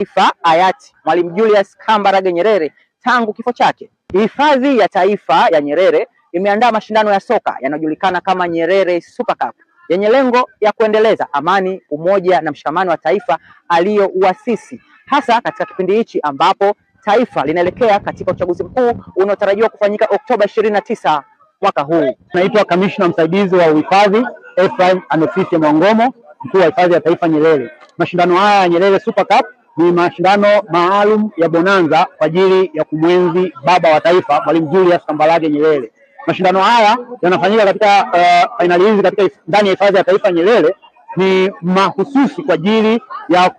Taifa hayati Mwalimu Julius Kambarage Nyerere tangu kifo chake. Hifadhi ya Taifa ya Nyerere imeandaa mashindano ya soka yanayojulikana kama Nyerere Super Cup yenye lengo ya kuendeleza amani, umoja na mshikamano wa taifa aliyouasisi, hasa katika kipindi hichi ambapo taifa linaelekea katika uchaguzi mkuu unaotarajiwa kufanyika Oktoba 29 mwaka huu. Naitwa kamishna msaidizi wa uhifadhi Ephraim Anofite Mwangomo, mkuu wa hifadhi ya Taifa Nyerere. Mashindano haya ya Nyerere Super Cup ni mashindano maalum ya Bonanza kwa ajili ya kumwenzi baba wa taifa Mwalimu Julius Kambarage Nyerere. Mashindano haya yanafanyika katika uh, fainali hizi katika ndani ya hifadhi ya taifa Nyerere, ni mahususi kwa ajili ya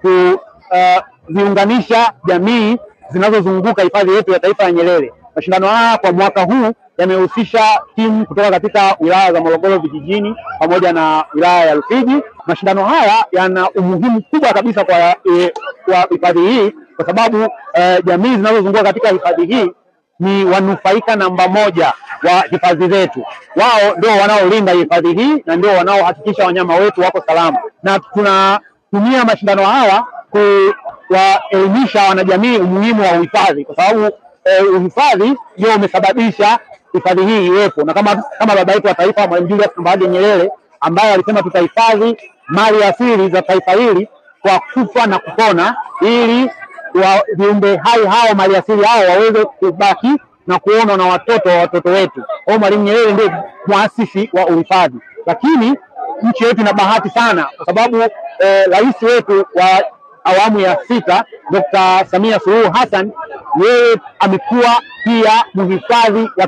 kuviunganisha uh, jamii zinazozunguka hifadhi yetu ya taifa ya Nyerere. Mashindano haya kwa mwaka huu yamehusisha timu kutoka katika wilaya za Morogoro vijijini pamoja na wilaya ya Rufiji. Mashindano haya yana umuhimu kubwa kabisa kwa e, kwa hifadhi hii, kwa sababu eh, jamii zinazozunguka katika hifadhi hii ni wanufaika namba moja wa hifadhi zetu. Wao ndio wanaolinda hifadhi hii na ndio wanaohakikisha wanyama wetu wako salama, na tunatumia mashindano haya kuwaelimisha wanajamii umuhimu wa uhifadhi, kwa sababu eh, uhifadhi ndio umesababisha hifadhi hii iwepo, na kama kama baba yetu wa taifa Mwalimu Julius Kambarage Nyerere ambaye alisema tutahifadhi mali asili za taifa hili kwa kufa na kupona, ili viumbe hai hao maliasili hao waweze kubaki na kuona na watoto wa watoto wetu. Kwa Mwalimu Nyerere ndiye mwasisi wa uhifadhi, lakini nchi yetu ina bahati sana kwa sababu eh, rais eh, wetu wa awamu ya sita Dr. Samia Suluhu Hassan yeye amekuwa pia mhifadhi wa